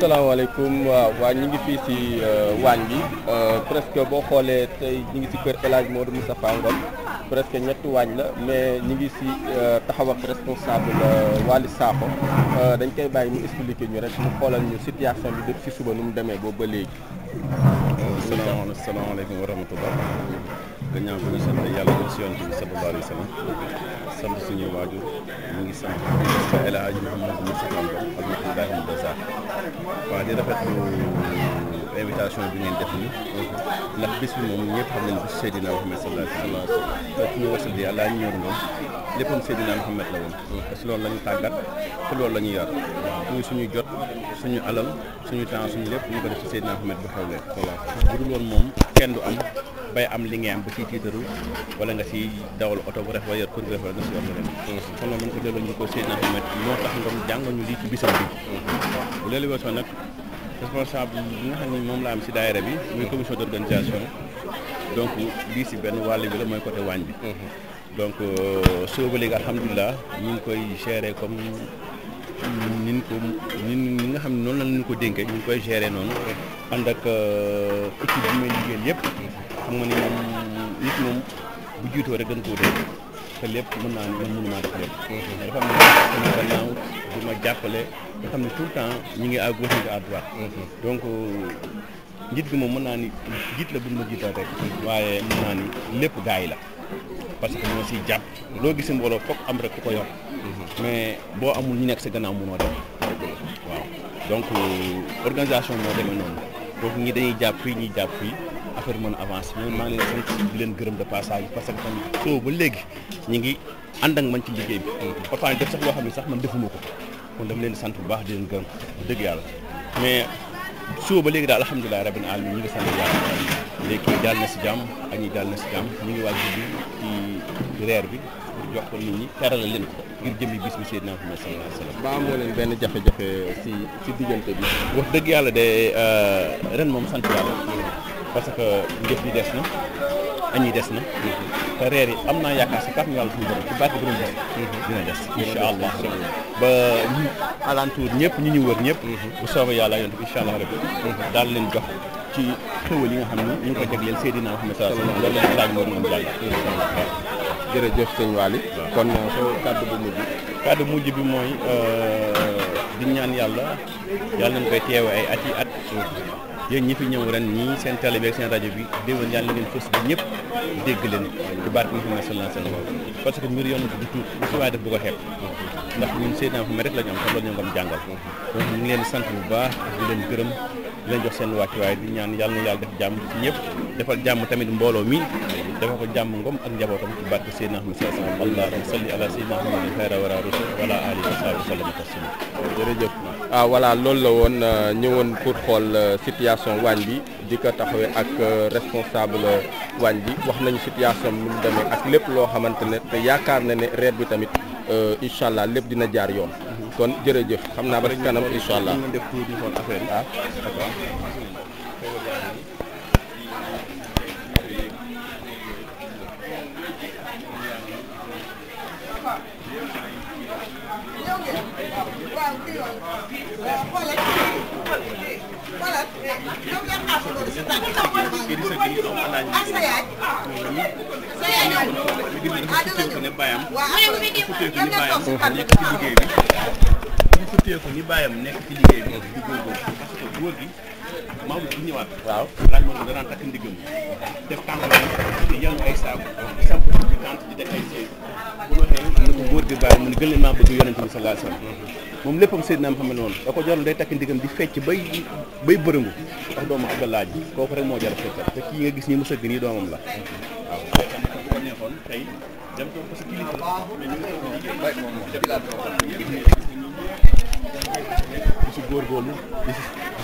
salaamaaleykum waaw waa ñu ngi fii si euh, waañ bi euh, presque boo xoolee tey ñu ngi si kër El Hadj Modou Moustapha Ngom presque ñett waañ la mais ñu ngi si euh, taxaw ak responsable Waly Sakho dañ koy bàyyi mu expliqué ñu rek mu xoolal ñu situation bi dëpp si suba nu mu demee boobu ba léegi. salaamaaleykum wa rahmatullah gannaaw bi ñu sant yàlla ñu si yonent bi sallallahu alayhi wa sallam sant suñuy waajur ñu ngi sant El Hadj Mouhamadou Moustapha Ngom ak Mouhamadou Ibrahima Bassar waaw di rafetlu invitation bi ngeen def nii. ndax bis bi moom ñëpp xam nañu bis Seydina Mouhamed sallallahu alayhi wa sallam. donc ñu wasal di yàlla ñor léppam Seydina Mouhamed la woon. parce que loolu la ñu tàggat te loolu la ñu yar. muy suñu jot suñu alal suñu temps suñu lépp ñu ko def ci Seydina Mouhamed bu xewlee. voilà bu dul woon moom kenn du am bay am li ngay am ba tiitaru wala nga ciy dawal oto bu ref wala yor si yor nga dem. kon loolu dañ ko delloo ñu ko Seydina Mouhamed moo tax nga jàngoon ñu lii ci bisam bi. bu loolu weesoo nag. responsable bi nga xam ne moom la am si daayira bi muy commission d' organisation donc lii si benn wàll bi la mooy côté waañ bi mhm. donc euh, soo ba léegi alhamdulilah ñu ngi koy gérer comme nin ko nin ñi nga xam noonu la ñu ko dénkee ñu koy gérer noonu ànd ak euh, équipe bi may liggéeyal mhm. nga ni moom nit moom bu jiitoo rek dañ ko wutee lépp mën naa mën mënu maa def lépp mais mm-hmm. dafa am sama gannaaw di ma jàppale nga xam ne tout le temps ñu ngi à gauche ñi mm-hmm. donc euh, njiit bi mën naa ni jiit la buñ ma jiital mm-hmm. waaye mën naa ni lépp gaa yi la parce que moo si jàpp loo gis mbooloo foog am rek ku ko yor mais boo amul ñu nekk si gannaaw mënoo dem waaw donc euh, organisation moo demee noonu donc ñi dañuy jàpp fii ñuy jàpp fii affaire mën a avancer mais ngi sant di leen gërëm de passage parce que tamit tôt ba léegi ñu ngi ànd ak man ci liggéey bi parfois def sax loo xam sax man defuma ko kon leen sant bu baax di leen gërëm dëgg yàlla mais suba ba léegi daal alhamdulilah rabbil alamin ñu ngi sant na si ak ñi na si jàmm ñu ngi waaj bi ci bi jox ko nit ñi terale leen ko ngir jëmmi bis bi Muhammad sallallahu ba leen benn jafe-jafe si si diggante bi wax dëgg yàlla de euh, ren moom sant yàlla parce que njëf yi des na añ yi des na te reer yi am naa yaakaar si kàttan yàlla suñu borom ci barke borom bis dina des incha allah rabbi ba alentour ñëpp ñu ñu wër ñëpp bu soobee yàlla yonent bi incha allah rabbi daal leen jox ci xéwal yi nga xam ne ñu ko jagleel Seydina Muhammad sallallahu alayhi wa sallam loolu lañ laaj moom sëñ Waly kon euh, so kàddu bu mujj kàddu mujj bi mooy euh, di ñaan yàlla yàlla nañ koy teewe ay at yi at yéen ñi fi ñëw ren ñii seen télé bi ak seen rajo bi déwén yàlla ngeen fës bi ñëpp dégg leen ci barke Muhammad sallallahu alayhi wa sallam parce que mbir yoonu def bu ko xeeb ndax ñun Seydina Muhammad rek la ñu am te loolu ñu ngam jàngal donc ñu leen sant bu baax di leen gërëm leen jox seen wàccuwaay di ñaan yàlla na yàlla def jàmm ci defal jàmm tamit mbooloo mi dafa ko jàmm ngom ak njabootam ci barke Seydina Muhammad sallallahu alayhi wa sallam allahumma salli ala ah voilà loolu la woon euh, ñëwoon pour xool euh, situation waañ bi di ko taxawee ak euh, responsable waañ bi wax nañu situation mu demee ak lépp loo xamante ne te yaakaar na ne reer bi tamit incha allah lépp dina jaar yoon. Mhm. kon jërëjëf xam naa ba kanam incha allah. futteeku ni bàyyam nekk ci liggéey bi di góorgóorlu parce que góor gi maamu bu ñëwaat waaw laaj moom danaan takk ndiggam def tànqam di yàlla ay saabu samp di tànt di def ay séy bu waxee ne ko góor gi bàyyi mu ne gën leen maa bëgg yonente bi sallallahu alayhi wasallam moom léppam Seydina Muhammad noonu da ko jaral day takk ndigam di fecc bay bay bërëngu ndax doomu ak kooku rek moo jar feccal te kii nga gis ni mu sëgg nii doomam la waaw ko neexoon tey dem toog parce que kilifa di si góorgóorlu di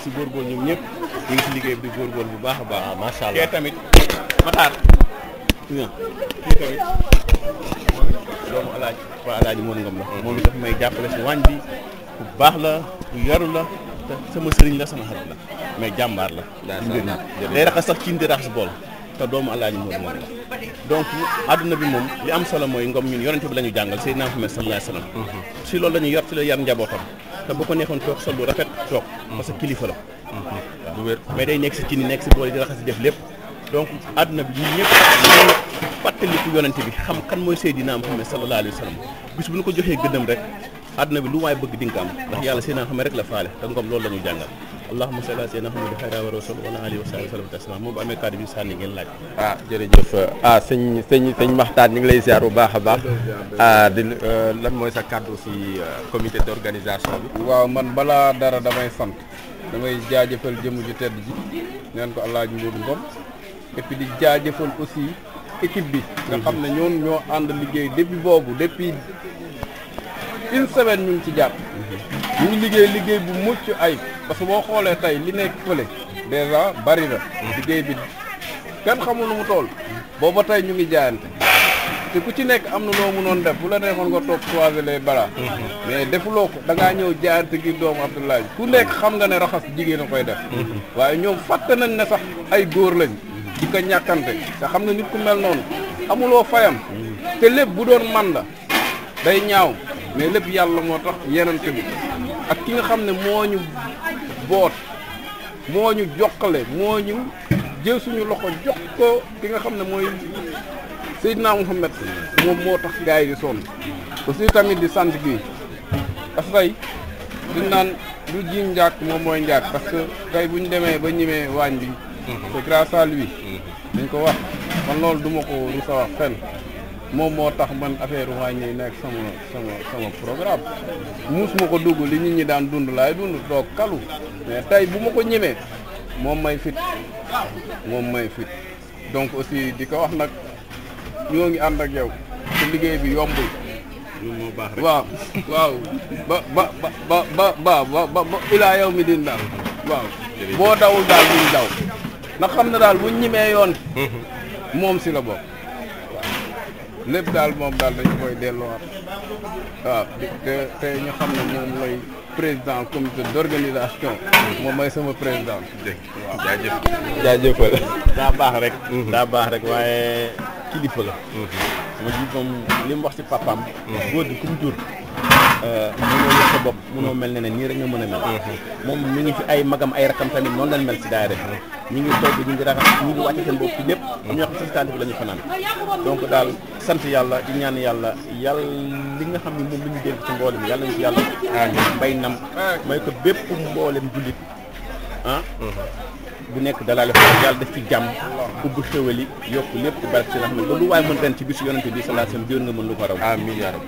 si di si ñoom ñëpp ñu ngi si liggéey bi góor góorgóorlu bu baax a baax. waaw allah kee tamit Matar. kii tamit. doomu alaaj waa alaaji moon ngom la moom daf may jàppale si waañ bi ku baax la ku yaru la te sama sëriñ la sama xarit la mais jàmbaar la day raxas sax cin di raxas bool te doomu alaaji moon ngom la donc àdduna bi moom li am solo mooy ngom ñun yonente bi la ñu jàngal Seydina Muhammad sallallahu alayhi wasallam si loolu la ñu yor si la yar njabootam te bu ko nekkoon toog sol lu rafet toog parce sa kilifa la mhm. waaw mais day nekk si cin nekk si bool di raxas def lépp donc àdduna bi ñun ñëpp fàttaliku yonent bi xam kan mooy Seydina Muhammad sallallahu alayhi wa sallam bis bu ñu ko joxee gëddam rek àdduna bi lu waay bëgg di nga am ndax yàlla Seydina Muhammad rek la faale te ngoom loolu la ñu jàngal allahumma salli ala Seydina Muhammad xayra wa rasul wa ala alihi wa sahbihi sallam taslima moom bu amee kàddu bi sànni ngeen laaj ah jërëjëf ah sëñ sëñ sëñ Maxtaar ñu ngi lay ziar bu baax a baax ah di euh, lan mooy sa kàddu si euh, comité d'organisation bi waaw man balaa dara damay sant damay jaajëfal jëmm ju tedd ji neen ko allah ji Ngom et puis di jaajëfal aussi équipe bi nga xam ne ñoon ñoo ànd liggéey depuis boobu depuis une semaine ñu ngi ci jàpp ñu liggéey liggéey bu mucc ay parce boo xoolee tey li nekk fële déjà bari na liggéey bi kenn xamul nu mu tool booba tey ñu ngi jaayante te ku ci nekk am na loo mënoon def bu la neexoon nga toog croiser mais defuloo ko da ñëw jaayante ngir doomu Abdoulaye ku nekk xam nga ne raxas jigéen a koy def waaye ñoom fàtte nañ ne sax ay góor lañ di ko ñàkkante te xam nga nit ku mel noonu amuloo fayam te lépp bu doon man la day ñaaw mais lépp yàlla moo tax yenente bi ak ki nga xam ne moo ñu boot moo ñu jokkale moo ñu jël suñu loxo jox ko ki nga xam ne mooy Seydina Muhammad moom moo tax gars yi di sonn aussi tamit di sant bi parce que tey di naan lu jiim njaak moom mooy njaak parce que tey bu ñu demee ba ñimee waañ bi c'est grâce à lui dañ ko wax man loolu duma ko rusa wax fenn moom moo tax man affaire wàññi nekk sama sama sama programme musuma ko dugg li nit ñi daan dund laay dund toog kalu mais tey bu ma ko ñemee moom may fit moom may fit donc aussi di ko wax nag ñoo ngi ànd ak yow ci liggéey bi yombul waaw waaw ba ba ba ba ba ba ba ilaa yow mi din daal waaw boo dawul daal duñ daw ndax xam na daal bu ñimee yoon mhm. moom si la bokk waaw lépp daal moom daal dañu koy delluwaat waaw te te ñu xam ne moom mooy président comité d'organisation mhm. moom mooy sama président waaw jaajëf jaajëfal daa baax rek mhm. daa baax rek waaye kilifa la sama ji si Euh, mënoo yëg sa bopp mënoo mel ne ne a mel moom mi ngi fi ay magam ay rakam tamit noonu lañ mel si daayira ñi ngi togg ñi ngi raxas ñi ngi wàcce seen bopp lépp la ñu fanaan donc daal sant yàlla di ñaan yàlla yàlla li nga xam ne moom ñu dénk ci mboolem yàlla si yàlla mbay nam may ko bépp mboolem jullit ah bu nekk dalaale foofu yàlla def ci jàmm ubbi xéwal yi yokk lépp ci barke si nga xam ne ba lu waay mën ren ci bisu yonente bi sallallahu alayhi wasallam nga mën lu ko raw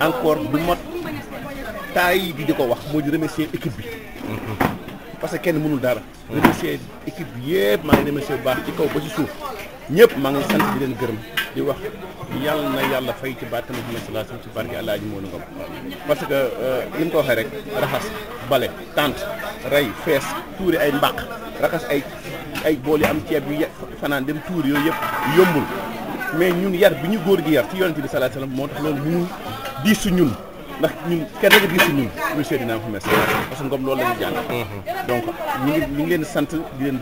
encore du mot temps yi di di ko wax moo di remercier équipe bi parce que kenn mënul dara remercier équipe bi yëpp maa ngi remercier bu baax ci kaw ba ci suuf ñëpp maa ngi sant di leen gërëm di wax yàlla na yàlla fay ci barke Muhammad sallallahu alayhi wasallam ci barke Alaaji Moodu Ngom parce que euh, ni mu ko waxee rek raxas bale tante rey fees tuuri ay mbaq raxas ay ay bool am ceeb yu ya, fanaan dem tuuri yooyu yëpp yombul mais ñun yar bi ñu gi yar ci yonent bi sallallahu alayhi wasallam moo tax loolu mënul di su ñun ndax ñun kenn nga gis si ñun muy Seydina Mouhamed parce que ngom loolu la ñu jàng mhm. donc ñu ngi ñu leen sant di leen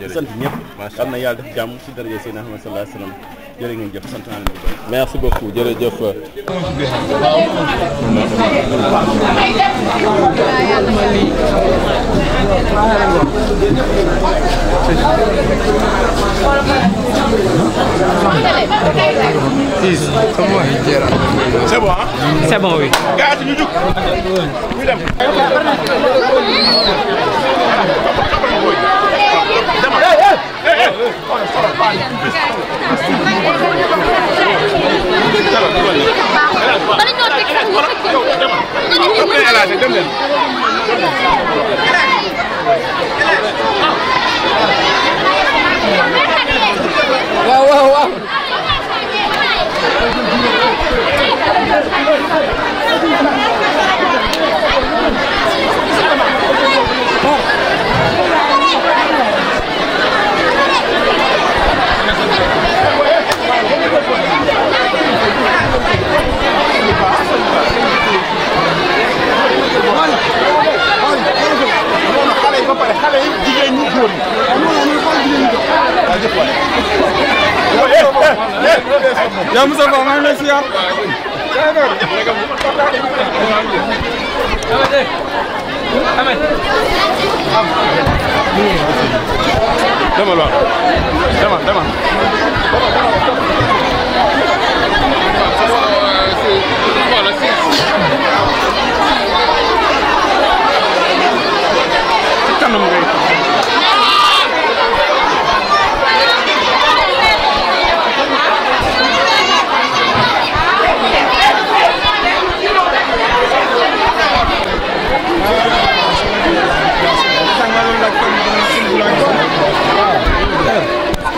gërëm sant ñëpp xam na yàlla def jàmm si daraja Seydina Mouhamed sallallahu alayhi wa sallam jërë ngeen jëf sant naa leen bu merci beaucoup jërëjëf jëf C'est bon, hein? C'est bon, oui. Gars, tu nous waaw waaw waaw